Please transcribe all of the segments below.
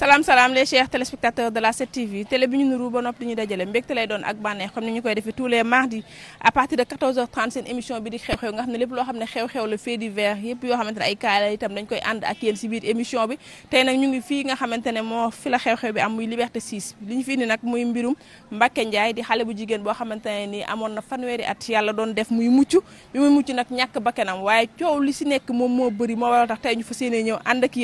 salaam salaam les chers téléspectateurs de la 7TV télé bi ñu nuru ba noppi di ñu dajale mbégte lay doon ak bànneex comme ni ñu koy defee tous les mardis à de seen émission bi di xew-xew nga xam fii nga xamante ne moo fi la xew-xew bi am muy Liberté 6 li jigéen boo xamante ne ni amoon na fanweeri at yàlla doon def muy mucc bi muy mucc nag ñàkk bakkanam waaye coow li si nekk moom moo bëri moo waral tax tey ñu fas yéene ñëw ànd ak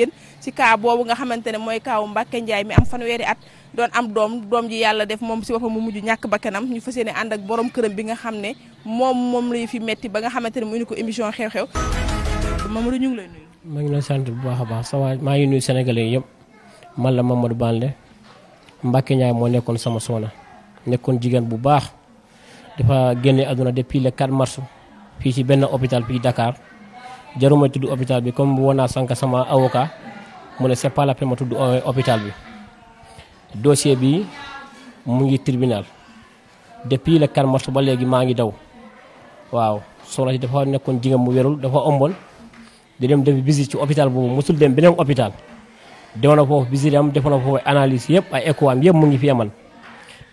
xamante ne mooy cas doomu njaay mi am fanweeri at doon am doom doom ji yàlla def moom si boppam mu mujj ñàkk bakkanam ñu fa yéene ànd ak borom këram bi nga xam ne moom moom lay fi metti ba nga xamante ne mu indi ko émission xew-xew Mamadou ñu ngi lay nuyu. sant bu baax a baax sa maa ngi nuyu Sénégalais yëpp man la Mamadou Balde Mbacke Ndiaye moo nekkoon sama soxna nekkoon jigéen bu baax dafa génne àdduna depuis le 4 mars fii ci benn hôpital fii Dakar jaruma tudd hôpital bi comme woo naa sànq sama avocat. mu ne c'est pas la peine ma tudd hôpital bi dossier bi mu ngi tribunal depuis le 4 mars ba léegi maa ngi daw waaw soxna si dafa nekkoon jigéen mu wérul dafa ëmboon di dem def visite ci hôpital boobu musul dem beneen hôpital demoon na foofu visite am defoon na foofu analyse yëpp ay écho am yëpp mu ngi fi amal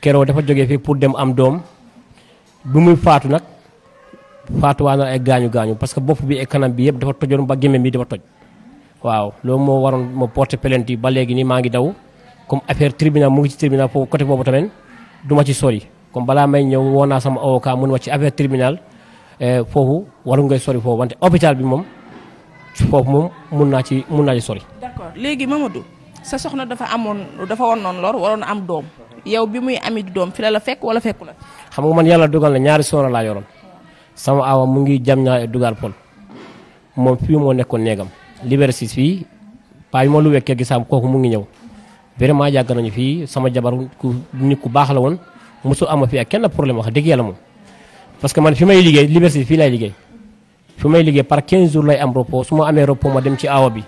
keroog dafa jógee fii pour dem am doom bu muy faatu nag faatuwaa na ay gaañu gaañu parce que bopp bi ak kanam bi yëpp dafa tojoon ba gémmiñ bi dafa toj. waaw loolu moo waroon ma porté plainte yi ba léegi nii maa ngi daw comme affaire tribunal mu ngi ci tribunal foofu côté boobu tamit du ma ci sori comme balaa may ñëw woo naa sama avocat mun ma ci affaire eh, foofu waru ngay sori foofu wante hôpital bi moom foofu moom mun naa ci mun naa ci léegi Mamadou sa soxna dafa amoon dafa woon noonu lor waroon am doom yow bi muy ami doom fi la la fekk wala fekku la. xam nga yàlla dugal na ñaari soxna laa yoroon sama awa mu ngi jam ñaa dugal pol moom fii moo nekkoon néegam. Liberté 6 fii paa bi ma lu wekkee gisaam kooku mu ngi ñëw vraiment yàgg nañu fii sama jabar ku nit ku baax la woon mosul ama fi ak kenn problème wax dëgg yàlla moom. parce que man fi may liggéey Liberté 6 fii laay liggéey fi may liggéey par 15 jours lay am repos su ma amee repos ma dem ci awa bi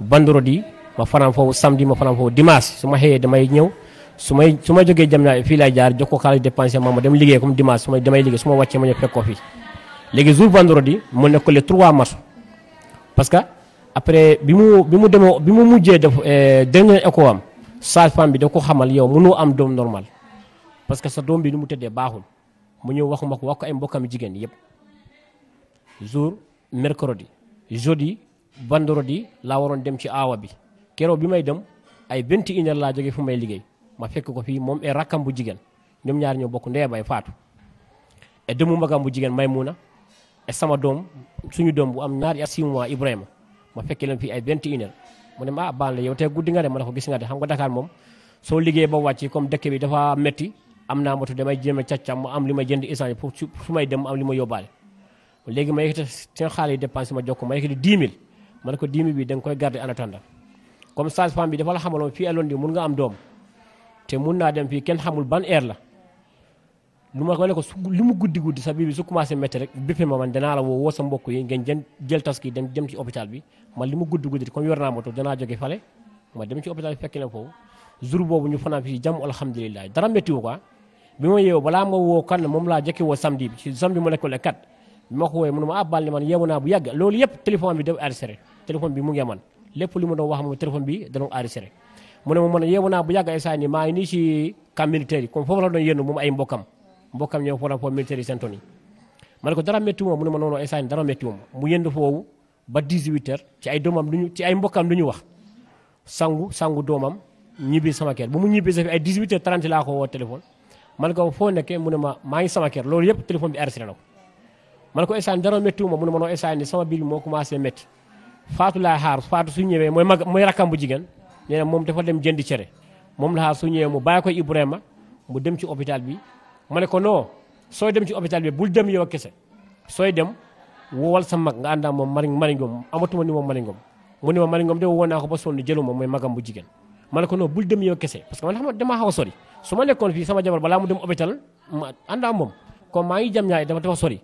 vendredi ma fanaan foofu samedi ma fanaan foofu dimanche su ma xëyee damay ñëw. su may su ma jógee jam naa fii laay jaar jox ko xaalis dépensé ma ma dem liggéey comme dimanche su may liggéey su ma wàccee ma ñëw fekk ko fii léegi jour vendredi mu nekk le 3 mars parce que après bi mu bi mu demoo bi mu mujjee def eh, dernier écho am sage-femme bi da ko xamal yow mënoo am doom normal parce que sa doom bi nu mu tëddee baaxul mu ñëw waxuma ko wax ko ay mbokkam jigéen yëpp jour mercredi jeudi vendredi laa waroon dem ci aawa bi keroog bi may dem ay 21 heures laa jógee fu may liggéey ma fekk ko fii moom e rakkam bu jigéen ñoom ñaar ñoo bokk ndee bay faatu e demu magam bu jigéen may na et sama doom suñu doom bu am ñaari at six mois Ibrahima ma fekkee leen fii ay vingt et une heures mu ne ma ah baal la yow tey guddi nga de ma ne ko gis nga de xam nga Dakar moom soo liggéeyee comme dëkk bi dafa metti am naa moto damay jéem a càccam mu am li ma jënd essence pour su may dem am li ma yóbbaale léegi ma yëkkati seen xaalis yi dépense ma jox ko ma yëkkati dix mille ma ne ko dix mille bi da nga koy garder en attendant comme sage-femme bi dafa la xamaloon fii à Londres mun nga am doom te mun naa dem fii kenn xamul ban heure la lu ma ne ko su lu mu guddi guddi sa biir su commencé métti rek bépp ma man danaa la woo woo sa mbokk yi ngeen jën jël tas ki dem jëm ci hôpital bi man li mu guddi guddi comme yor naa moto danaa jóge fale ma boobu ñu fanaan fii jàmm alhamdulilah dara méttiwu quoi ah. bi ma yeewoo moom laa jëkke woo samedi bi ci samedi mu nekkul ah le naa bu yàgg loolu yëpp téléphone bi dafa enregistré mu man lépp li ma wax moom téléphone bi da doon naa bu yàgg maa ngi nii ci camp militaire yi comme foofu la doon moom ay mbokkam mbokkam ñoo foran fo militaire yi seen toni ma ne ko dara métti moom mu ma noonu ay saan dara métti moom mu yënd foofu ba 18 heures ci ay doomam duñu ci ay mbokkam duñu wax sangu sangu doomam ñibbi sama kër bu mu ñibbi sa fi ay 18 heures 30 laa ko woo téléphone man ko foo nekkee mu ne ma maa ngi sama kër yëpp téléphone bi arrêté na ko man ko esaan dara méttiwuma mu ne ma noo esaan ni sama moo commencé métti faatu laa xaar faatu su ñëwee mooy mag mooy rakkam bu jigéen nee na moom dafa dem jëndi cere moom la xaar su ñëwee mu bàyyi ko Ibrahima mu dem ci hôpital bi ma ne ko noo sooy dem ci hôpital bi bul dem yow kese sooy dem wowal sa mag nga ànd ak moom mari maringom amatuma ni moom maringom mu ne ma maringom de woo naa ko ba sonn jëluma mooy magam bu jigéen ma ne ko non kese parce que man ma nekkoon fii sama jabar balaa mu dem hôpital ma ànd ak moom comme maa ngi jam ñaay dafa dafa sori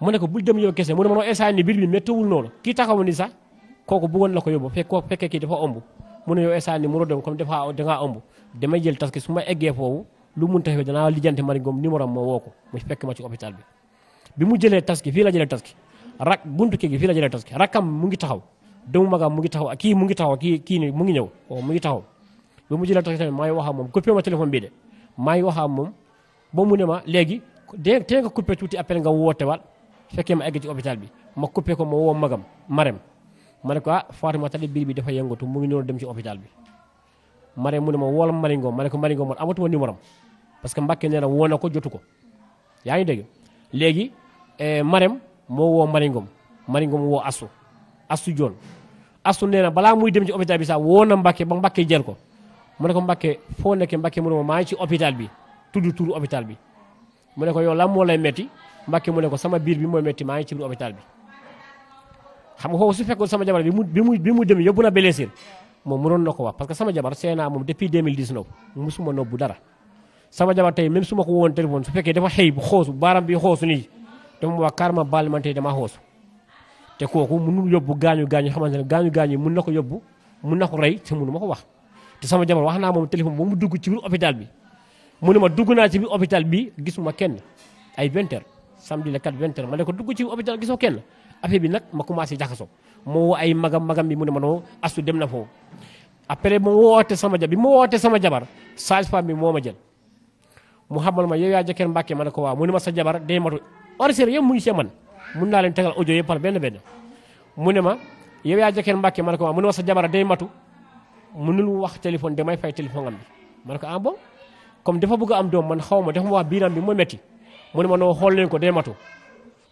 mu ne ko bul dem yow kese mu ne ma noo instant ni biir bi méttiwul noonu kii taxaw ni sax kooku buggoon la ko yóbbu fekk koo fekkee kii dafa ëmb mu ne yow instant ni mu doon comme dafa dangaa ëmb damay jël tas ki su ma eggee foofu lu mun taxawee danaa lijjanti Marie Ngom numéro am ma woo ko mu fekk ma ci hôpital bi bi mu jëlee taski fii la jëlee taski rak buntu kii gi fii la jëlee taski rakam mu ngi taxaw doomu magam mu ngi taxaw ak kii mu ngi taxaw kii kii ni mu ngi ñëw o oh, mu ngi taxaw bi mu jëlee taski tamit maa ngi wax ma téléphone bii de maa ngi wax ak moom ba mu ne ma léegi de tee nga tuuti appel nga woote waat fekkee egg ci hôpital bi ma coupé ko ma woo magam marem ma ne ko ah Fatima tali biir bi dafa yëngatu mu ngi ñëw dem ci hôpital bi marem mu ne ma woolam Marie Ngom ma ne ko Marie Ngom man amatuma numéro am parce que Mbàkke nee na woo ko jotu ko yaa ngi dégg léegi eh, Marème moo woo Maringom Maringom woo Astu Astu Joon Astu nee na balaa muy dem ci hôpital bi sax woo na Mbàkke ba Mbàkke jël ko mu ne ko Mbàkke foo nekkee Mbàkke mu ne maa ngi ci hôpital bi tudd turu hôpital bi mu ne ko yow lan moo lay metti Mbàkke mu ne sama biir bi mooy metti maa ngi ci biir hôpital bi xam nga foofu su fekkoon sama jabar bi mu bi mu bi mu dem yóbbu na blessure moom mënoon na ko wax parce que sama jabar seenaa moom depuis 2019 musuma nobbu dara sama jabar tey même su ma ko woon téléphone su fekkee dafa xëy bu xoosu baaram bi xoosu nii dama wax carrément baal man tey damaa xoosu te kooku mënul yóbbu gaañu gaañu xamante ne gaañu gaañu mën na ko yóbbu mën na ko rey te ko wax sama jabar wax naa moom téléphone ba mu dugg ci biir bi mu ne ma dugg naa ci biir hôpital bi gisuma kenn ay 20 heures samedi la 4 ma ne ko dugg ci hôpital gisoo kenn affaire bi nag ma commencé jaxasoo moo ay magam magam bi mu ne ma noo astu dem na foofu après ma woote sama jabar bi ma woote sama jabar sage-femme bi moo ma jël mu xamal ma yow yaa jëkkër Mbàkke ma ne ko waaw mu ne ma sa jabar day matu orchestre yëpp mu ngi see man mun naa leen tegal audio yëpp par benn benn mu ne ma yow yaa jëkkër Mbàkke ma ne ko waaw mu ne ma sa jabar day matu mënul wax téléphone damay fay téléphone am bi ma ne ko ah bon comme dafa bëgg am doom man xaw ma dafa ma wax biiram bi mu metti mu ne ma noo xool leen ko day matu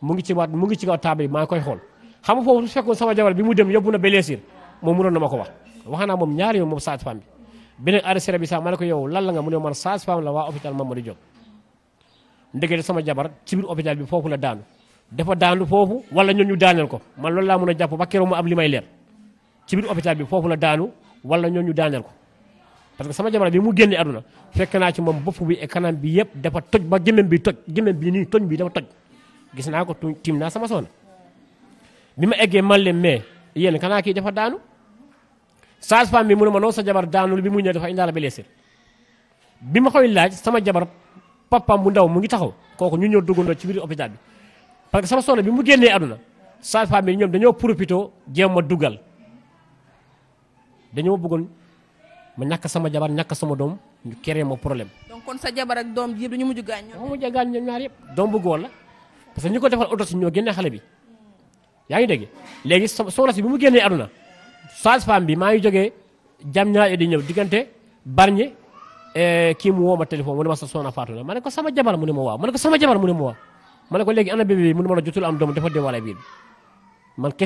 mu ngi ci waat mu ngi ci kaw table bi maa ngi koy xool xam nga foofu su fekkoon sama jabar bi mu dem yóbbu na ba leesir moom mënoon na ma ko wax wax naa moom ñaari yoon moom saat bi beneen arrêté bi sax ma ne ko yow lan la nga mu ne man sage-femme la waa hôpital Mamadou Diop ndekete sama jabar ci biir hôpital bi foofu la daanu dafa daanu foofu wala ñun ñu daaneel ko man loolu laa mën a jàpp ba keroog am li may leer ci biir hôpital bi foofu la daanu wala ñun ñu daaneel ko parce que sama jabar bi mu génne aduna fekk naa ci moom bopp bi e kanam bi yëpp dafa toj ba gémmiñ bi toj gémmiñ bi nii toj bi dafa toj gis naa ko tiim naa sama soxna bi ma eggee man leen mais yéen kanaa kii dafa daanu sage-femme bi mu ne ma noonu sa jabar daanul bi mu ñëw dafa indaale blessure bi ma koy laaj sama jabar papam bu ndaw mu ngi taxaw kooku ñu ñëw duggandoo ci biir hôpital bi parce que sama soxna bi mu génnee aduna sage-femme bi ñoom dañoo profité jéem ma duggal dañoo bëggoon ma ñàkk sama jabar ñàkk sama doom ñu créé ma problème. donc kon sa jabar ak doom ji dañu mujj gaañ. ñoom mujj gaañ ñoom ñaar yëpp. doom bu góor la parce que ñu ko defal autopsie ñoo génnee xale bi yaa ngi dégg léegi soxna si bi mu génnee aduna. sage-femme bi maa ngi jógee jam ñaar di ñëw diggante barñe eh, kii mu woo ma téléphone mu ne ma sa ko sama jabar mu ne ma waaw ma ne ko sama jabar mu ne ma waaw ma la dee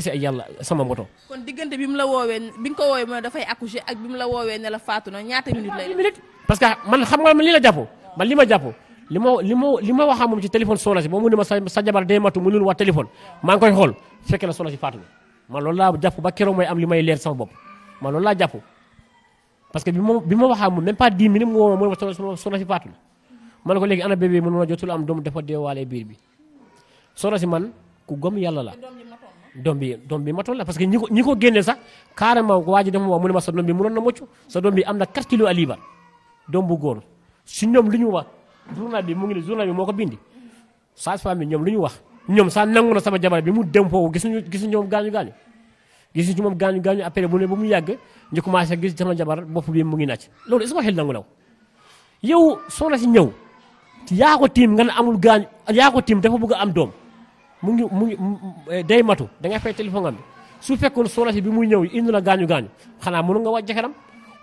wala sama moto. kon diggante bi mu la woowee bi nga ko woowee ma dafay accoucher ak la woowee ne la na ñaata minute que man xam nga man la jàpp man li ma jàpp li ma li ma li ma waxaa moom ci téléphone soxna si moom mu ne ma sa jabar dee matu mënul wax téléphone maa ngi koy xool fekke la soxna si faatu man loolu laa jàpp ba keroo may am li may leer sama bopp man loolu laa jàpp parce que bi ma bi ma waxaa mu même pas dix minutes mu woo ma ma ma ne ko léegi ana bébé doom dafa deewaale biir bi soxna si man ku gëm yàlla la doom bi doom bi matoon la parce que ñi ko ñi ko génne mu ne ma sa doom bi mënoon na mocc sa doom bi am na 4 kilos à liibar doom bu góor si ñoom lu ñu wax journal bi mu ngi ne journal moo ko bindi sage-femme bi ñoom lu ñu wax ñoom sax nangu na sama jabar bi mu dem foofu gisuñu gisuñu moom gaañu gaañu gisuñu moom gaañu gaañu après mu ne ba mu yàgg ñu commencé gis bi mu ngi nàcc loolu est-ce que xel nangu law yow soxna si ñëw yaa tiim nga ne amul gaañ yaa ko tiim dafa bëgg am doom mu ngi mu ngi day matu da ngay fay téléphone bi su fekkoon soxna si bi muy ñëw indi la gaañu gaañu xanaa mënu nga wàcc jëkkëram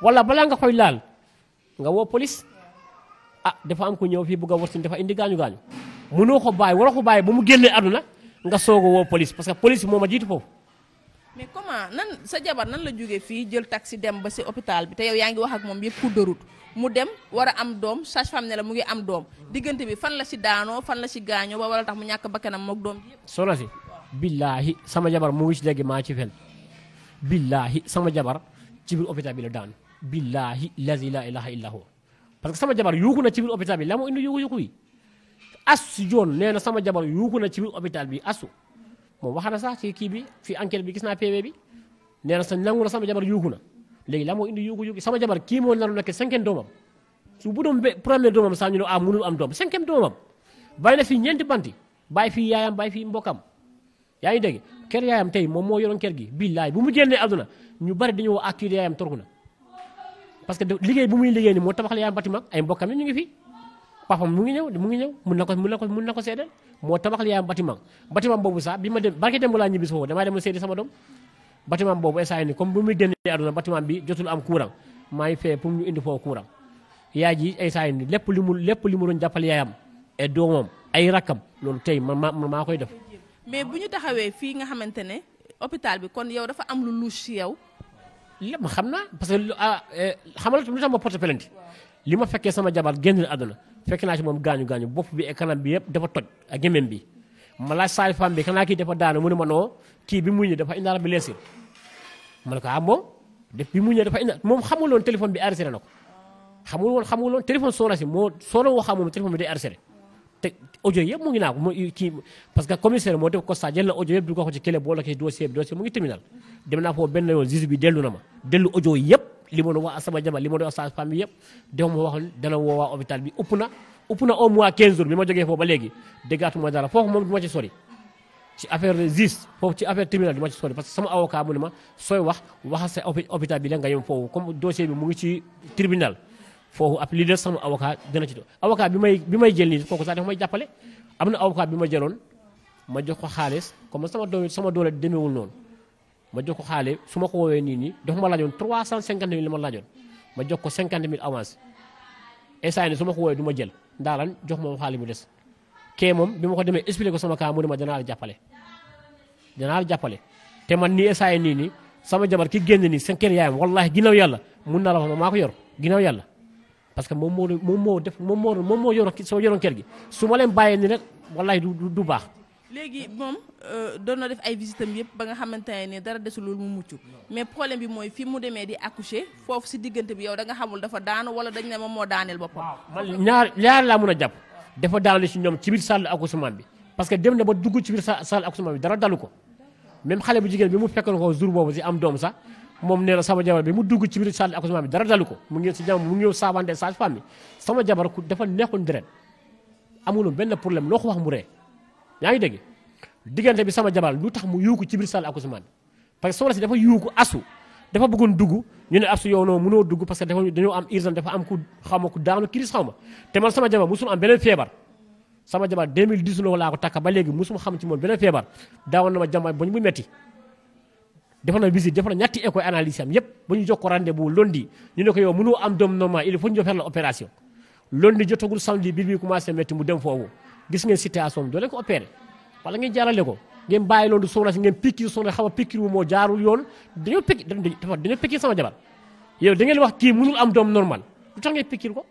wala balaa nga koy laal nga woo police ah dafa am ko ñëw fii bugg a si dafa indi gaañu gaañu mënoo ko bàyyi waroo ko bàyyi ba mu génnee àdduna nga soog woo police parce que police moom a jiitu foofu. mais comment nan sa jabar nan la jógee fii jël taxi dem ba si hôpital bi te yow yaa ngi wax ak moom yëpp cours de route mu dem war a am doom sage-femme ne mu ngi am doom diggante bi fan la si daanoo fan la si gaañoo ba wala tax mu ñàkk bakkanam mook doom bi yëpp. soxna si billaahi sama jabar mu ngi si maa ci fel billaahi sama jabar ci biir hôpital bi la daan billaahi lazi la ilaha illa huwa parce que sama jabar yuuku na ci biir hôpital bi la mu indi yuuku yuuku yi si joon nee na sama jabar yuuku na ci biir hôpital bi asu moom wax sax ci kii bi fii enquête bi gis naa PV bi nee na sa nangu na sama jabar yuuku na léegi la moo indi yuuku yuuku sama jabar kii moo naru nekk cinquième doomam su bu doom be premier doomam sax ñu ne ah mënul am doom cinquième doomam bàyyi na fii ñeenti banti bàyyi fii yaayam bàyyi fii mbokkam yaa ngi dégg kër yaayam tey moom moo yoroon kër gi billaay bu mu génnee àdduna ñu bari dañoo accueillir yaayam torku na parce que liggéey bu muy liggéey ni moo tabaxal yaayam bâtiment ay mbokkam yi ñu ngi fii papam mu ngi ñëw mu ngi ñëw mun na ko mun na ko mun na ko seedeel moo tabaxal yaayam bâtiment bâtiment boobu sax bi ma dem barke dem laa ñibbi si foofu damaa dem seedi sama doom bâtiment boobu instant ni comme bu muy génnee aduna bâtiment bi jotul am courant maa ngi fee pour ñu indi foofu courant yaay ji instant ni lépp li mu lépp li mu doon jàppale yaayam et doomam ay rakkam loolu tey man maa man maa koy def. mais bu ñu taxawee fii nga xamante ne hôpital bi kon yow dafa am lu louche ci yow. lépp ma xam naa parce que ah, eh, xamal lu tax ma porte plainte li ma fekkee sama jabar génn àdduna fekk naa ci moom gaañu gaañu bopp bi ak kanam bi yëpp dafa toj ak gémmiñ bi ma laaj saay fam bi xanaa ki dafa daanu mu ne ma noo kii bi muñu dafa indaal bi leesir ma ne ko ah moom def bi muñu dafa indaal moom xamul woon téléphone bi arrêté na ko xamul woon xamul woon téléphone soona si moo soona woo xam moom téléphone bi day arrêté te audio yëpp mu ngi naa ko mu kii parce que moo def constat jël na audio yëpp dugal ko ci clé boo la bi dossier mu ngi terminal dem naa foofu benn yoon dellu na ma dellu audio yëpp li ma doon sama jabar li ma doon wax sa famille yëpp dew ma wax dana woo waa hôpital bi ëpp na ëpp na au moins 15 jours bi ma jógee foofu ba léegi déggaatuma dara foofu ci sori ci affaire justice foofu ci bi la nga yem foofu comme dossier bi mu ngi ci tribunal foofu ab sama avocat dana ci do avocat bi may bi may jël nii kooku sax dafa may jàppale am na avocat bi ma jëloon ma jox ko xaalis comme sama doole sama doole demeewul noonu ma jox ko xaale su ma ko woowee nii nii dafa ma laajoon trois cent cinquante mille la ma laajoon ma jox ko cinquante mille avance instant ni su ma ko woowee du ma jël ndaa lan jox ma xaale mu des kee moom bi ma ko demee expliqué ko sama kaa mu ma danaa jàppale danaa jàppale te man nii instant nii nii sama jabar ki génn nii seen kër yaayam wallaahi ginnaaw yàlla mun naa la wax maa ko yor ginnaaw yàlla parce que moom moo moom moo def moom moo moom moo yoroon soo yoroon kër gi su ma leen bàyyee nii rek wallaahi du du baax léegi moom euh, doon na def ay visitam yëpp ba nga xamante ne dara desulul mu mucc mais problème bi mooy fii mu demee di accoucher foofu si diggante bi yow da nga xamul dafa daanu wala dañ ne moom moo daaneel boppa man ñaar ñaar laa mën a jàpp dafa daanu si ñoom ci biir salle accouchement bi parce que dem na ba dugg ci biir salle accouchement bi dara dalu ko même xale bu jigéen bi mu fekkoon ko jour boobu si am doom sax moom nee na sama jabar bi mu dugg ci biir salle accouchement bi dara dalu ko mu ngi si jàmm mu ngi ñëw saabante sage femme bi sama jabar ku dafa neexoon deret amuloo benn problème loo ko wax mu ree yaa ngi dégg diggante bi sama jabar lu tax mu yuuku ci biir salle accouchement bi parce que soxna si dafa yuuku asu dafa bëggoon dugg ñu ne absu yow noo mënoo dugg parce que dafa dañoo am urgence dafa am ku xaw ma ku daanu kiris xaw ma te man sama jabar musul am beneen feebar sama jabar 2010 loo laa ko ba léegi musuma xam ci moom beneen feebar daawoon na ma jàmbaay bañ bu metti defal na visite defal na ñetti écho analyse am yépp ba ñu jox ko rendez-vous lundi ñu ne ko yow mënoo am doom normal il faut ñu faire la opération lundi jotagul samedi biir bi commencé métti mu dem foofu gis ngeen situation bi doo leen ko opéré wala ngeen jaarale ko ngeen bàyyi loolu soxna si ngeen piqûre soxna xam nga piqûre bu moo jaarul yoon dañoo piqûre dañoo piqûre sama jabar yow dangeen ngeen wax kii mënul am doom normal lu tax ngeen piqûre ko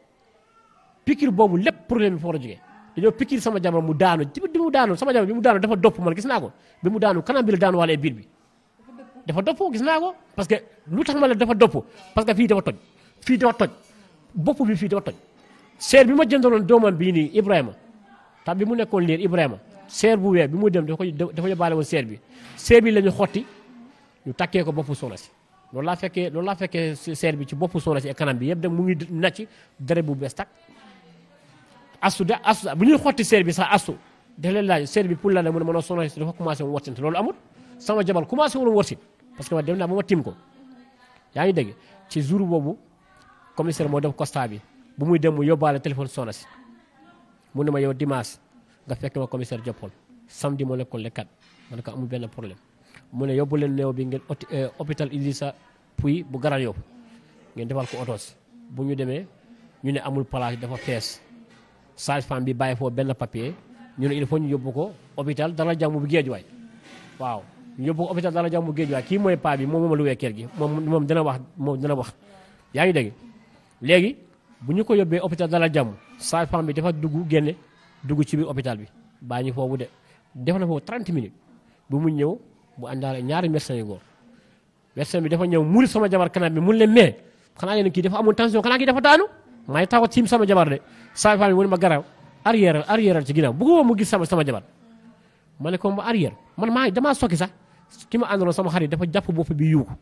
piqûre boobu lépp problème bi fa war a jógee dañoo piqûre sama jabar mu daanu bi mu daanu sama jabar bi mu daanu dafa dopp man gis naa ko bi mu daanu kanam bi la daanu wàllee biir bi dafa dopp gis naa ko parce que lu tax ma la dafa dopp parce que fii dafa toj fii dafa toj bopp bi fii dafa toj seer bi ma jëndaloon doomam bii nii Ibrahima tax bi mu nekkoon liir Ibrahima seer bu weex bi mu dem dafa dafa yóbbaale woon seer bi seer bi la ñu xotti ñu takkee ko boppu soxna si loolu laa fekkee loolu laa fekkee seer bi ci boppu soxna si ak bi yëpp dem mu ngi nacc deret bu bees tak astu da bu ñuy xotti seer bi sax astu daf leen laaj seer bi pour la ne mu ne mën a dafa commencé woon wartinte loolu amul sama jabar commencé woon wartin parce que ma dem naa ba ma tim ko yaa ngi dégg ci jour boobu commissaire moo def constat bi bu muy dem mu yóbbaale téléphone soxna si mun ne ma yow dimanche nga fekk ma commissaire Diopol samedi ma lekkoon lekkat ma ne ko amul benn problème mu ne yóbbu leen néew bi ngeen euh, hôpital sa Pouye bu Grand Yoff ngeen defal ko otos bu ñu demee ñu ne amul place dafa fees sage-femme bi bàyyi foo benn papier ñu ne il faut ñu yóbbu ko hôpital Dalal Jàmm bu Guédiawaye waaw ñu yóbbu ko hôpital Dalal Jàmm bu Guédiawaye kii mooy paa bi moom mooma luwee kër gi moom moom dina wax moom dina wax yaa ngi dégg léegi bu ñu ko yóbbee hôpital Dalal Jàmm sage-femme bi dafa dugg génne dugg ci biir hôpital bi baa ñu foofu de def na foofu 30 minutes bu mu ñëw bu àndaale ñaari médecin yu góor médecin bi dafa ñëw muur sama jabar kanam bi mun leen mais xanaa yéen kii dafa amoon tension xanaa kii dafa daanu maa ngi taxaw tiim sama jabar de sage-femme bi mu ne ma garaaw arrière arrière ci ginnaaw bëgguma gis sama sama jabar ma ne ko ma arrière man maa damaa sokki sax ki ma àndaloon sama xarit dafa jàpp bopp bi yuuku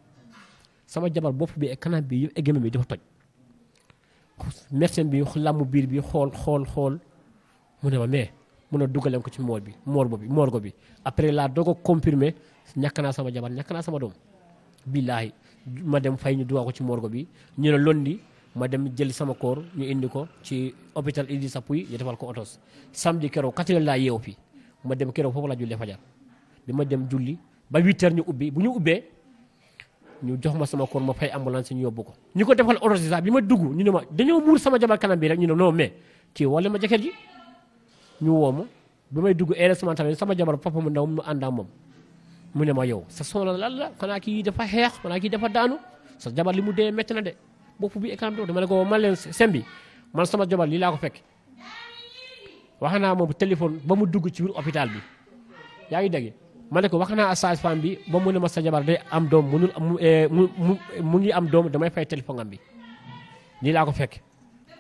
sama jabar bopp bi ak kanam bi yëpp bi dafa toj médecin bi làmb biir bi xool xool xool mu ne ma mais mun a duggaleen ko ci moor bi morgo bi morgo bi après laa doog a confirmé ñàkk naa sama jabar ñàkk naa sama doom billaahi ma dem fay ñu duwaa ko ci morgo bi ñu ne londi ma dem jël sama koor ñu indi ko ci hôpital Idrissa Pouye ñu defal ko otos samedi keroog quatre heures laa yeew fi ma dem keroog foofu laa jullee fajar bi ma dem julli ba huit ñu ubbi bu ñu ubbee ñu jox ma sama koor ma fay ambulance ñu yóbbu ko ñu ko defal orosisa bi ma dugg ñu ne ma dañoo muur sama jabar kanam bi rek ñu ne non mais kii wala ma jëkkër ji ñu woo ma ba may dugg heureusement tamit sama jabar papa mu ndaw mu ànd ak moom mu ne ma yow sa soxna lan la xanaa kii dafa xeex xanaa kii dafa daanu sa jabar li mu dee métti na de bopp bi écran bi dama ne ko man leen sem bi man sama jabar lii laa ko fekk wax naa moom téléphone ba mu dugg ci biir hôpital bi yaa ngi dégg ma ne ko wax naa sage femme bi ba mu ne ma sa jabar day am doom munul mu eh, mu ngi am doom damay fay téléphone am bi nii laa ko fekk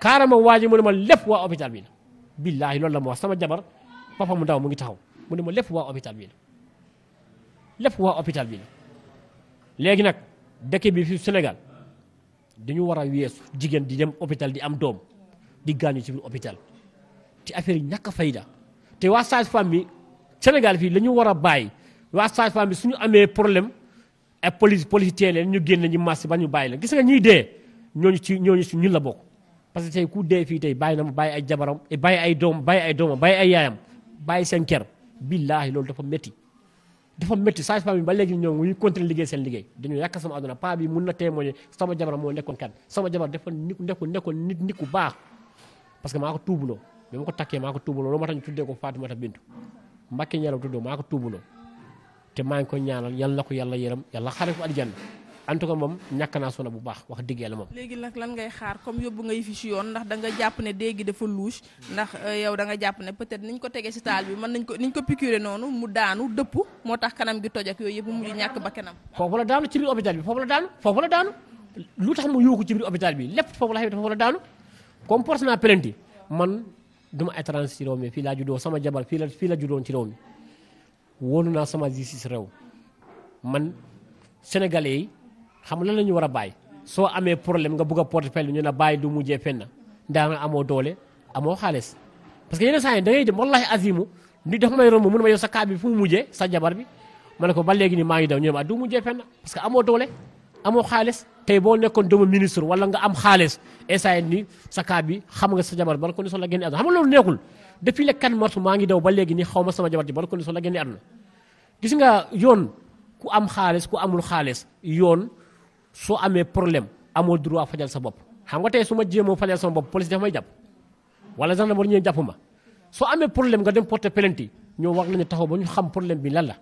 carrément waaj ji mu ne ma lépp waa hôpital bi la billaahi loolu la ma wax sama jabar papa mu ndaw mu ngi taxaw mu ne ma lépp waa hôpital bi lépp waa hôpital bi léegi nag dëkk bi fi Sénégal dañu war a weesu jigéen di dem hôpital di am doom di gaañu ci biir hôpital te affaire yi ñàkk a fayda te waa sage femme bi Sénégal fii la war a bàyyi waa sage-femme bi ñu amee problème ay police police tee leen ñu génn ñu marché ba ñu bàyyi la gis nga ñuy dee ñooñu ci ñooñu ci ñu la bokk parce que tey ku dee fii tey bàyyi na ma bàyyi ay jabaram eh, bàyyi ay doom bàyyi ay doomam bàyyi ay yaayam bàyyi seen kër billaahi loolu dafa métti dafa métti sage-femme ba léegi ñoom ñuy continuer liggéey seen liggéey dañu yàq sama àdduna pa bi mun na témoigner sama jabar moo nekkoon kan sama jabar dafa nekku nekkoon nit nit ku baax parce que maa ko tuubuloo bi ma ko takkee maa ko tuubuloo loolu moo tax ñu tuddee ko Fatimata Bintu Mbàkke ñaar tuddoo maa ko tuubuloo te maa ngi ko ñaanal yal na ko yàlla yërëm yàlla xare ko aljanna en tout moom ñàkk naa sona bu baax wax dëgg yàlla moom. léegi nag lan ngay xaar comme yóbbu nga yëfi si yoon ndax da nga jàpp ne dee gi dafa louche ndax euh, yow da nga jàpp ne peut-être niñ ko tege si taal bi mën nañ ko niñ ko piqûre noonu mu daanu dëpp moo tax kanam gi toj ak yooyu yëpp mu mujj ñàkk ba kanam. foofu la daanu ci biir hôpital bi foofu la daanu foofu la daanu lu tax mu yóbbu ci biir hôpital bi lépp foofu la xewee foofu la daanu comme porte man duma étranger ci réew mi fii laa juddoo fii la fii la juddoon ci réew mi woonu naa sama justice réew man sénégalais yi xam lan la ñu war a bàyyi soo amee problème nga bugg a portefeuille ñu ne bàyyi du mujjee fenn daanaka amoo doole amoo xaalis parce que yenn saa yi da ngay dem wallahi azimu nit dafa may romb mun ma yow bi fu mu sa jabar bi ma ne ko ba léegi nii maa ngi daw ñu ne ma du mujjee fenn parce que amoo doole amoo xaalis tey boo nekkoon doomu ministre wala nga am xaalis instant ni sa kaa bi xam nga sa jabar ban condition la génne àdduna xam nga loolu nekkul. depuis le 4 mars maa ngi daw ba léegi ni xaw ma sama jabar ji ban condition la gis nga yoon ku am xaalis ku amul xaalis yoon soo amee problème amoo droit fajal sa bopp xam nga su ma jéemoo fajal sama bopp police dafa may jàpp wala gendarmerie ñëw jàpp ma soo amee problème nga dem porter plainte ñoo war nañu taxaw ba ñu xam problème bi lan la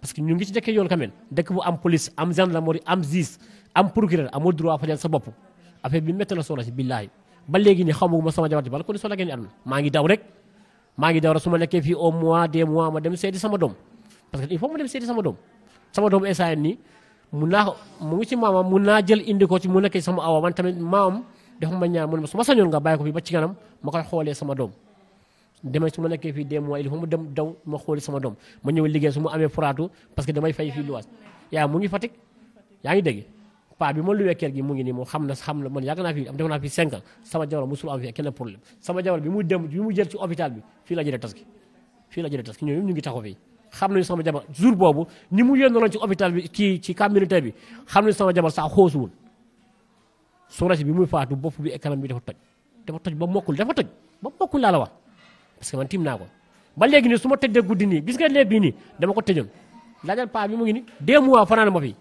parce que ñu ngi ci dëkk yoon quand bu am police am gendarmerie am juge am procureur amoo droit fajal sa bopp affaire bi métti na soo la si ba léegi ni xamaguma sama jabar ji bala ko ni soo la génne àdduna maa ngi daw rek maa ngi dawra su ma nekkee fii au mois des mois ma dem seeti sama doom parce que il faut ma dem seeti sama doom sama doom instant nii mun naa mu ngi mun naa jël indi ko ci mu nekkee sama awa man tamit maamam def ma ñaan mu ma su ma sañoon nga bàyyi ko ba ci kanam ma koy xoolee sama doom demee su ma nekkee fii des mois il faut mu dem daw ma xoolee sama doom ma ñëw liggéey su mu amee furaatu parce que damay fay fii luwaas yaa mu ngi Fatick yaa ngi dégg paa bi ma luwee kër gi mu ngi nii na xam na man yàgg naa fi am def naa fi sama jabar musul am fi kenn problème sama jabar bi mu dem bi mu jël ci hôpital bi fii la jëlee tas gi fii la jëlee tas gi ñoom ñu ngi taxaw fii xam nañu sama jabar jour boobu ni mu yónnee ci hôpital bi kii ci camp bi xam nañu sama jabar saa xoosuwul soxna si bi muy faatu bopp bi kanam bi dafa toj dafa toj ba mokkul dafa toj ba mokkul laa la wax parce man tiim naa ko ba léegi nii su ma tëddee guddi nii gis nga léegi nii dama ko tëjoon laajal paa bi mu ngi nii deux mois fanaan ma fi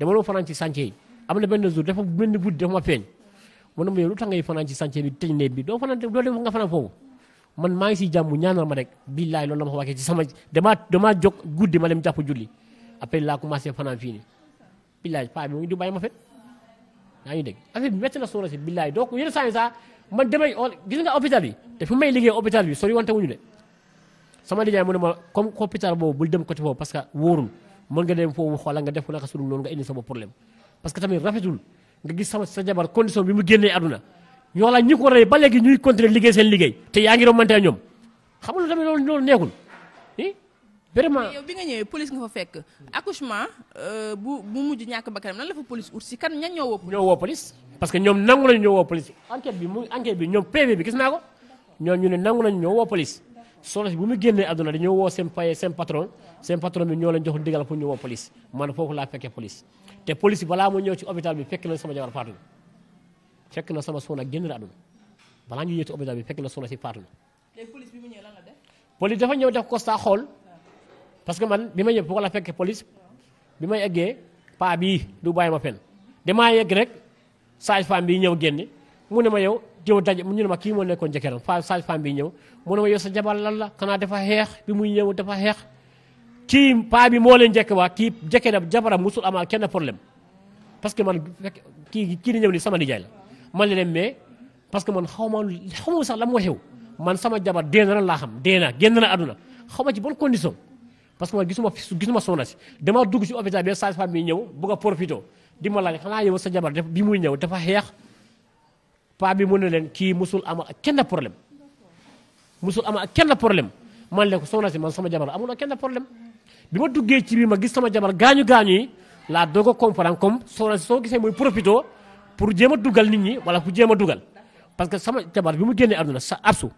dama doon fanaan ci chantier am na benn jour dafa benn guddi dafa ma feeñ mu ne ma yow lu tax ngay fanaan ci chantier bi tëj néeg bi doo fanaan doo dem fanaan foofu man maa ngi si jàmm ñaanal ma rek billaay loolu la ma ko waxee ci sama damaa damaa jóg guddi ma dem jàpp julli après laa commencé fanaan fii nii billaay paa bi mu ngi du bàyyi ma fet yaa ngi dégg affaire bi métti na suuna si billaay donc yenn saa yi sax man damay gis nga hôpital may liggéey hôpital bi sori wante wuñu de sama liggéey mu boobu bul dem côté boobu parce que wóorul mën nga dem foofu xoola nga def ko naka sunu noonu nga indi sama problème parce que tamit rafetul nga gis sa jabar condition bi mu génnee aduna ñoo la ñi ko rey ba léegi ñuy continuer liggéey seen liggéey te yaa ngi romante ñoom xam nga tamit loolu loolu neexul vraiment bi nga ñëwee police nga fa fekk accouchement euh, bu bu mujj ñàkk bakkanam lan la fa police ut si kan ñan ñoo woo. ñoo woo police parce que ñoom nangu nañu ñoo woo police enquête bi mu enquête bi ñoom PV bi gis naa ko ñoom ñu ne nangu nañu ñoo woo police solos bu mu génnee àdduna dañoo woo seen paye seen patron seen patron bi ñoo leen jox ndigal pour ñu woo police man foofu laa ma ñëw ci hôpital bi fekk na sama jabar faatu na fekk na sama soxna génn na àdduna balaa si faatu na. léegi police bi mu ñëw lan la que man bi ma ñëw la fekkee police bi may eggee paa bii du bàyyi ma fenn damaa yegg rek sage-femme bi ñëw génn mu ne ma yow. diw mu ñu ne ma kii moo nekkoon jëkkëram fa sage femme bi ñëw mu ne ma yow sa jabar lan la xanaa dafa xeex bi muy ñëw dafa xeex kii paa bi moo leen njëkk waa kii jëkkëram jabaram musul amaa kenn problème parce que man kii kii di ñëw nii sama nijaay la man la dem mais parce que man xaw ma xaw ma sax la moo xew man sama jabar dee laa xam dee na génn na aduna xaw ma ci bonne condition parce que man gisuma gisuma soxna si dama dugg si hôpital bi sage femme bi ñëw bëgg a profité di ma laaj xanaa yow sa jabar def bi muy ñëw dafa xeex paa bi mu ne leen kii musul ama ak kenn problème musul ama ak kenn problème man leen ko soxna si man sama jabar amul ak kenn problème bi ma duggee ci biir ma gis sama jabar gaañu gaañu yi laa doog a comprendre comme soxna si soo gisee muy profito pour jéem dugal nit ñi wala ku jéem a dugal parce que sama jabar bi mu génnee àdduna sa absu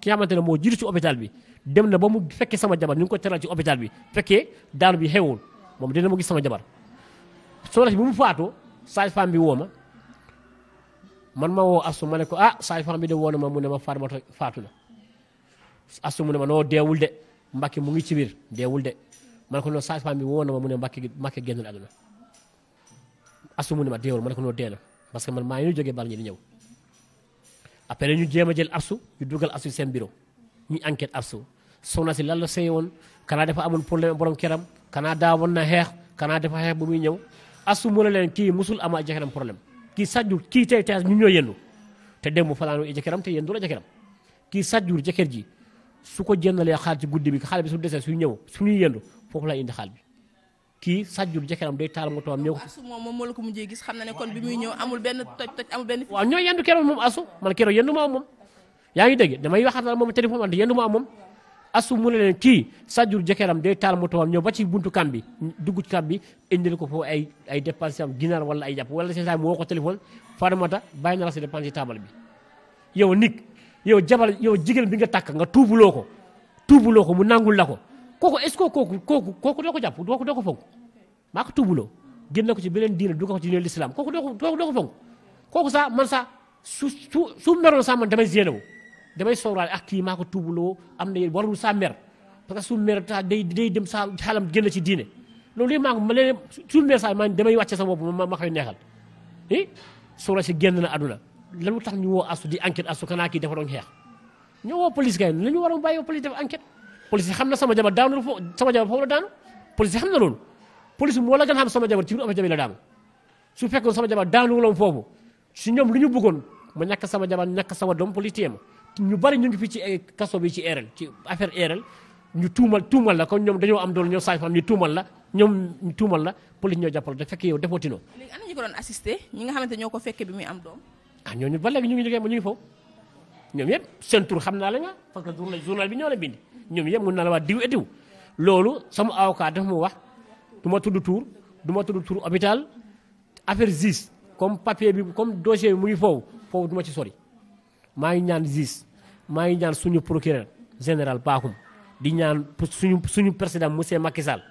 ki nga ne moo jiitu ci hôpital bi dem na ba mu fekkee sama jabar ñu ngi ko teral ci hôpital bi fekkee daanu bi xewul moom dina ma gis sama jabar soxna si bi mu faatu sage-femme bi woo ma man ma woo astu ma ne ko ah saay fam bi de woona ma mu ne ma faat faatu na astu mu ne ma noo deewul de mbàkke mu ngi ci biir deewul de ma ne ko noonu saay fam bi woona ma mu ne mbàkke mbàkke génn na àdduna astu mu ne ma deewul ma ne ko noonu dee na parce que man maa ngi ñu jógee bar ñi di ñëw après ñu jéem a jël astu dugal astu seen bureau ñu enquête astu soxna si lan la sëy woon kanaa dafa amoon problème borom këram kanaa daawoon na xeex kanaa dafa xeex bu muy ñëw astu mu la leen kii musul ama jëkkëram problème kii sàjjul kii tey tey ñu ñoo yendu te démb fanaanoo i jëkkëram te yendu la jëkkëram kii sàjjul jëkkër ji su ko bi xaal bi su desee taal moom moom moo la ko mujjee gis xam na ne kon bi muy ñëw amul benn toj toj amul benn waaw ñoo yendu keroog moom asu man keroog yendu ma moom asu mu ne leen kii sàjjur jëkkëram day taal moto am ñëw ba ci buntu kam bi dugg ci kam bi ko foofu ay ay dépense am ginaar wala ay jàpp wala seetaan moo ko téléphone Fatoumata bàyyi na la sa dépense ci taabal bi yow nit yow jabar yow jigéen bi nga takk nga tuubuloo ko tuubuloo ko mu nangul la ko kooku est-ce que kooku doo ko jàpp doo ko doo ko fonk maa ko tuubuloo génne ko ci beneen diine du ko ci diine l'islam kooku doo ko doo ko fonk kooku saa man sax su su su meroon sax damay génne damay sooraale ak kii maa ko loo am na warul saa mer parce que su mer ta day day dem saa xalam génn ci diine loolu yëpp maa ko ma leen su mer saa man damay wàcce sa bopp ma ma koy neexal i soora si génn na aduna lan lu tax ñu woo asu di enquête asu kanaa kii dafa doon xeex ñu woo police kay la ñu war a bàyyi police def enquête police xam na sama jabar daanu fo sama jabar foofu la daanu police yi xam na loolu police moo la gën xam sama jabar ci biir hôpital bi la daanu su fekkoon sama jabar daanu la foofu su ñoom lu ñu bëggoon ma ñàkk sama jabar ñàkk sama doom police ma ñu bari ñu ngi fi ci eh, kaso bi ci erreur ci affaire erreur ñu tuumal tuumal la comme ñoom dañoo am doole ñoom sages-femmes ñu tuumal la ñoom ñu tuumal la police ñoo jàppal te fekk yow defootinoo léegi ana ñu ko doon assisté ñi nga xamante ñoo ko ah, ñu ngi jógee foofu ñoom yëpp seen tur xam naa la parce que journal journal bi ñoo la bind ñoom yëpp mun naa la wax diw et diw loolu sama avocat dafa mu wax du ma tudd tur du ma tudd tur hôpital affaire gis comme papier bi comme dossier bi mu ngi foofu ma ci sori maa ngi ñaan gis maa ngi ñaan suñu procureur général Bakhoum di ñaan suñu suñu président monsieur Macky Sall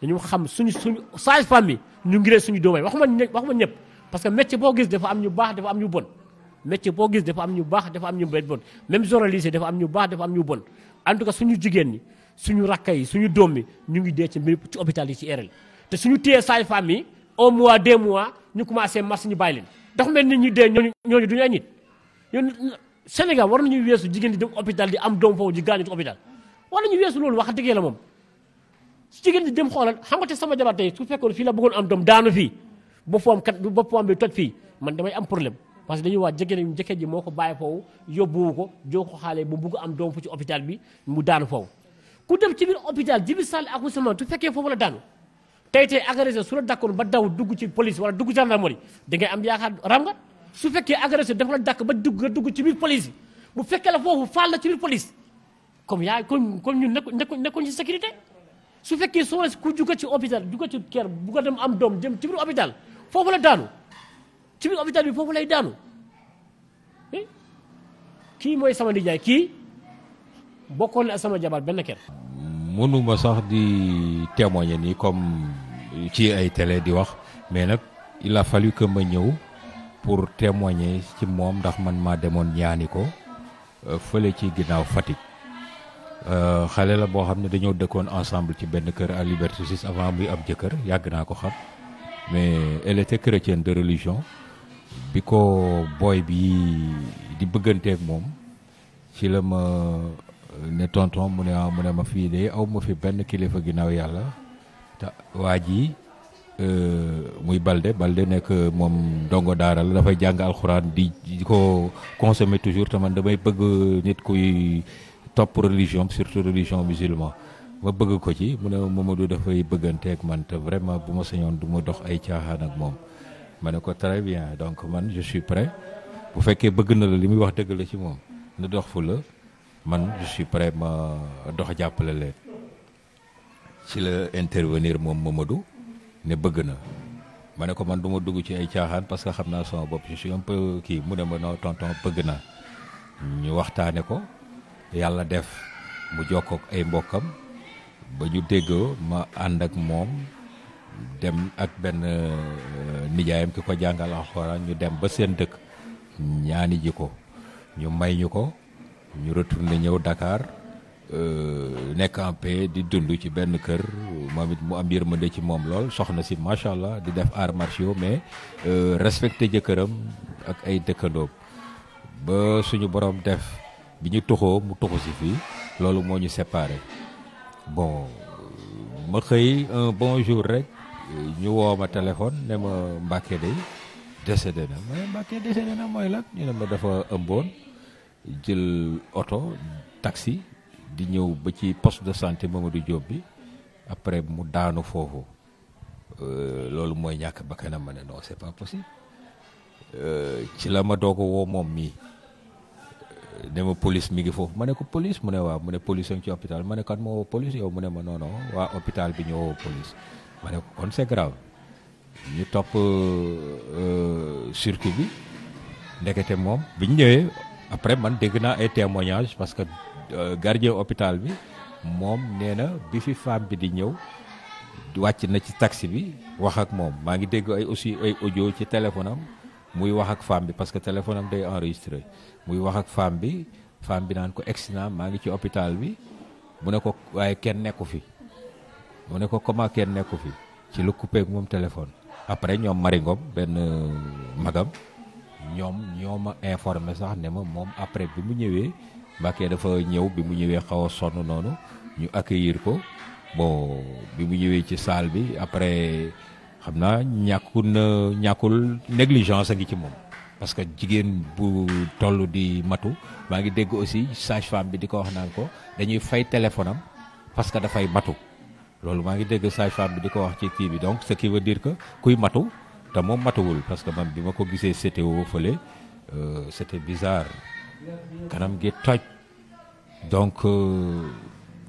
dañu xam suñu suñu sage-femme yi ñu ngiree suñu doomay waxuma waxuma ñëpp parce que métier boo gis dafa am ñu baax dafa am ñu bon métier boo gis dafa am ñu baax dafa am ñu bon même journaliste dafa am ñu baax dafa am ñu bon en tout cas suñu jigéen ñi suñu rakka yi suñu doom yi ñu ngi dee ci mbir ci hôpital yi ci RL te suñu téyee sage-femme yi un mois deux mois ñu commencé marche ñu bàyyi leen dafa mel ni ñu dee ñooñu duñu ay nit Sénégal war nañu weesu jigéen di dem hôpital di am doom foofu di gaañu ci hôpital war nañu weesu loolu wax dëgg yàlla moom jigéen di dem xoolal xam nga te sama jabar tey su fekkoon fii la bëggoon am doom daanu fii boppam kat boppam bi toj fii man damay am problème parce que dañuy wax jigéen ñi jëkkër ji moo ko bàyyi foofu yóbbuwu ko joo ko xaale bu bugg am doom ci hôpital bi mu daanu foofu ku dem ci biir hôpital ji biir salle accouchement su fekkee foofu la daanu tey tey agressé su la dakkoon ba daw dugg ci police wala dugg gendarmerie da dangay am yaakaar ram nga su fekkee agresseur dafa la dàkk ba dugg nga dugg ci biir police bu fekkee la foofu faal la ci biir police comme yaa comme comme ñun nekkuñ nekkuñ ci sécurité su fekkee soo ku jugga ci hôpital jugga ci ker bu ko dem am doom jëm ci biir hôpital foofu la daanu ci biir hôpital bi foofu lay daanu eh? kii mooy sama nijaay kii bokkoon na sama jabar benn kër. mënuma sax di témoigner nii comme ci ay télé di wax mais nag il fal yu que ma ñëw. pour témoigner ci moom ndax man maa demoon ñaani ko euh, fële ci ginnaaw Fatick euh, xale la boo xam ne dañoo dëkkoon ensemble ci benn kër à Liberté 6 avant muy am jëkkër yàgg naa ko xam mais elle était chrétienne de religion bi ko booy bi di bëgganteeg moom ci la ma euh, ne tonton mu ne ah, mu ma fii de aw ma fi benn kilifa ginnaaw yàlla te waa ji Euh, muy Balde Balde nekk euh, moom dongo daara la dafay jàng alxuraan di ko consommer toujours te man damay bëgg nit kuy topp religion surtout religion musulman ma bëgg ko ci mu ne Mamadou dafay bëggante ak man te vraiment bu ma sañoon du ma dox ay caaxaan ak moom ma ne ko très bien donc man je suis prêt bu fekkee bëgg na la li muy wax dëgg la ci moom na dox fu la man je suis prêt ma dox jàppale leen ci la intervenir moom Mamadou. ne bëgg na ma ne ko man duma dugg ci ay caaxaan parce que xam naa sama bopp je suis kii mu ne ma non tonton bëgg na ñu waxtaane ko yàlla def mu jokkook ay mbokkam ba ñu déggoo ma ànd ak moom dem ak benn euh, nijaayam ki ko jàngal alxuraan ñu dem ba seen dëkk ñaani ji ko ñu may ñu ko ñu retourné ñëw dakaar Euh, nekk en di dund ci benn kër moom it mu am ma yërmande ci moom lool soxna si macha allah di def arts martiaux mais euh, respecté jëkkëram ak ay dëkkandoom ba suñu borom def bi ñu tuxoo mu tuxu si fii loolu moo ñu séparé bon ma xëy un bon jour rek ñu woo ma téléphone ne ma Mbacke day décédé na ma Mbacke décédé na mooy lan ñu ne ma dafa ëmboon jël oto taxi di ñëw ba ci poste de santé Mamadou Diop bi après mu daanu foofu euh, loolu mooy ñàkk bakkanam ma ne non c'est pas possible euh, ci la ma doog woo moom mii euh, ne ma police mi ngi foofu ma ne ko police mu ne waa mu ne police ci hôpital ma ne kan moo woo yow mu ne ma non waa hôpital bi ñoo woo police ma ne ko kon c'est grave ñu top circuit bi ndekete moom bi ñu ñëwee après man dégg naa ay témoignages parce que. Euh, gardien hôpital bi moom nee na bi fi femme bi di ñëw wàcc na ci taxi bi wax ak moom maa ngi dégg ay aussi ay audio ci téléphone am muy wax ak femme bi parce que téléphone am day enregistré muy wax ak femme bi femme bi naan ko egsi naa maa ngi ci hôpital bi mu ne ko waaye kenn nekku fi mu ne ko comment kenn nekku fi ci lu coupé ak moom téléphone après ñoom maringom benn euh, magam ñoom ñoo ma informé sax ne ma moom après bi mu ñëwee Mbacké dafa ñëw bi mu ñëwee xaw a sonn noonu ñu accueillir ko bon bi mu ñëwee ci salle bi après xam naa ñàkkul na ñàkkul négligence a ngi ci moom. parce que jigéen bu toll di matu maa ngi dégg aussi sage-femme bi di ko wax naan ko dañuy fay téléphone am parce que dafay matu loolu maa ngi dégg sage-femme bi di ko wax ci kii bi donc ce qui veut dire que kuy matu te moom matuwul parce que man bi ma ko gisee CTO fële euh, c'était bizarre. kanam gi toj donc euh,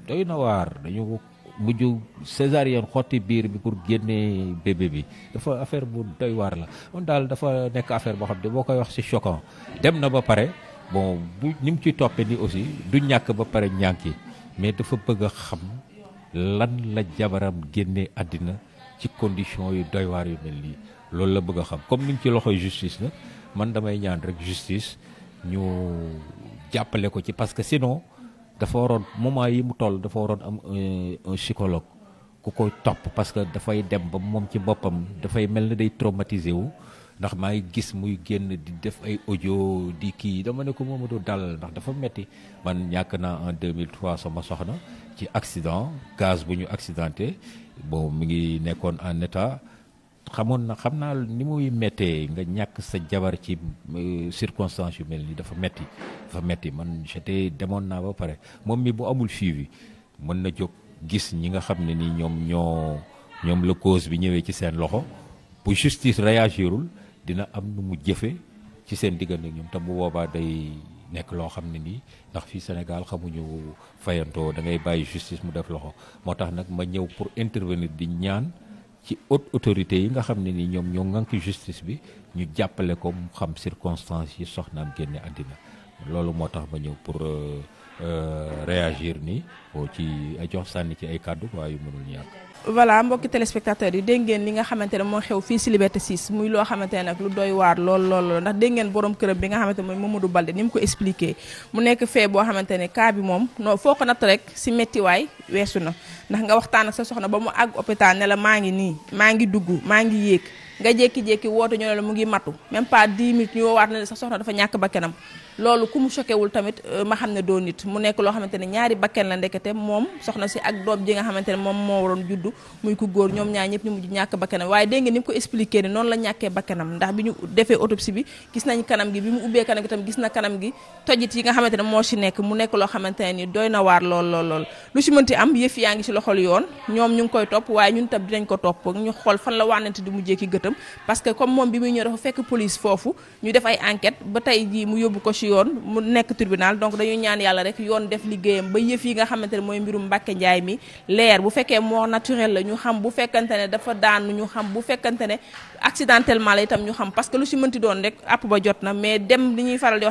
doy na waar dañu mujj césarienne xotti biir bi pour génnee bébé bi dafa affaire bu doy waar la on daal dafa nekk affaire boo xam ne boo koy wax ci choquant dem na ba pare bon bu ni mu ciy toppee nii aussi du ñàkk ba pare ñànki mais dafa bëgg a xam lan la jabaram génne àddina ci condition yu doy waar yu mel nii loolu la bëgg a xam comme ni ci loxo justice na man damay ñaan rek justice ñu jàppale ko ci parce que sinon dafa waroon moment yi mu toll dafa waroon am un psychologue ku koy topp parce que dafay dem ba moom ci boppam dafay mel ni day traumatisé wu ndax maa ngi gis muy génn di def ay audio di kii dama ne ko moom Momadou dal ndax dafa metti man ñàkk naa en 2003 sama soxna ci accident gaz bu ñu accidenté bon mi ngi nekkoon en état. xamoon na xam naa ni muy méttee nga ñàkk sa jabar ci euh, circonstance yu mel ni dafa metti dafa metti man j'étais demoon naa ba pare moom mi bu amul suivi mën na jóg gis ñi nga xam ne ni ñoom ñoo ñoom la cause bi ñëwee ci seen loxo bu justice réagirul dina am nu mu jëfe ci seen diggante ñoom te bu boobaa day nekk loo xam ne nii ndax fii Sénégal xamuñu fayantoo da ngay bàyyi justice mu def loxo moo tax nag ma ñëw pour intervenir di ñaan ci haute autorité yi nga xam ne ni ñoom ñoo ŋànk justice bi ñu jàppale ko mu xam circonstances yi soxnaam génne àddina loolu moo tax ma ñëw pour euh, euh, réagir ni ci ay jox sànni ci ay kàddu waaye yu mënul ñàkk. voilà mbokki téléspectateurs yi dégg li nga xamante ne moo xew fii si Liberté 6 muy loo xamante ne nag lu doy waar lool lool lool ndax dégg ngeen borom këram bi nga xamante ne mooy Mamadou Balde ni mu ko expliqué mu nekk fee boo xamante ne cas bi moom non foo ko natt rek si méttiwaay weesu na ndax nga waxtaan ak sa soxna ba mu àgg hôpital ne la maa ngi nii maa ngi dugg maa ngi yéeg nga jékki-jékki woote ñu ne la mu ngi matu même pas 10 minutes ñu woowaat sa soxna dafa ñàkk bakkanam loolu ku mu choqué wul tamit euh, ma xam ne doo nit mu nekk loo xamante ne ñaari bakken la ndekete moom soxna si ak doom ji nga xamante moom moo waroon juddu muy ku góor ñoom ñaar ñëpp ñu mujj ñàkk bakkanam waaye dégg nga ni mu ko expliqué ni noonu la ñàkkee bakkanam kanam gi bi mu tam gis na kanam gi tojit yi nga xamante ne moo si nekk mu nekk loo xamante ne ni doy na waar lool lool yaa ngi si loxol yoon ñoom ñu ngi koy topp waaye ñun tam nañ ko topp ñu xool fan la wànnante di mujjee ki gëtam parce que comme moom bi muy ñëw dafa fekk police foofu ñu def ay enquête ba tey mu yóbbu ko si ci yoon mu nekk tribunal donc dañuy ñaan yàlla rek yoon def liggéeyam ba yëf yi nga xamante ne mooy mbirum Mbacke Ndiaye mi leer bu fekkee moo naturel la ñu xam bu ne dafa daanu ñu xam bu fekkante ne accidentellement la itam ñu xam parce que lu ci mënti doon rek àpp ba jot na mais dem li ñuy faral di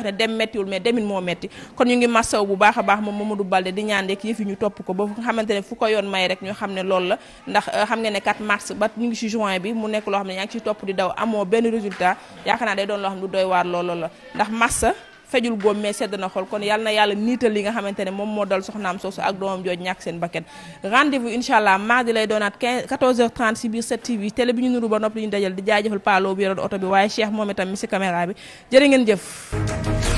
ngi massaw bu baax a moom Mamadou Balde di ñaan rek yëf yi ñu topp la ndax euh, xam nga ne 4 mars ba ñu ngi ci juin bi mu nekk loo xam ne ñaa ngi ci topp di daw amoo benn résultat yaakaar naa day doon loo xam ne du doy waar loolu la ndax massa fejul góom mais sedd na xol kon yal yàlla niital li nga xamante ne moom moo dal soxnaam soosu ak doomam jooj ñàkk seen bakket rendez-vous incha allah mardi lay doonaat 15 14h30 si biir 7TV télé bi ñu nuru ba nopp ñu dajal di jaajëfal paaloo bi yoroon oto bi waaye Cheikh moom itam mi si caméra bi jërë jëf